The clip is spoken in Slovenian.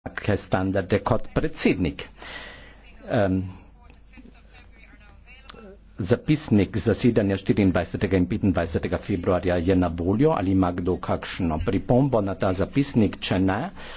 kakšne standarde kot predsednik. Um, zapisnik zasedanja 24. in 25. februarja je na voljo ali ima kdo kakšno pripombo na ta zapisnik, če ne,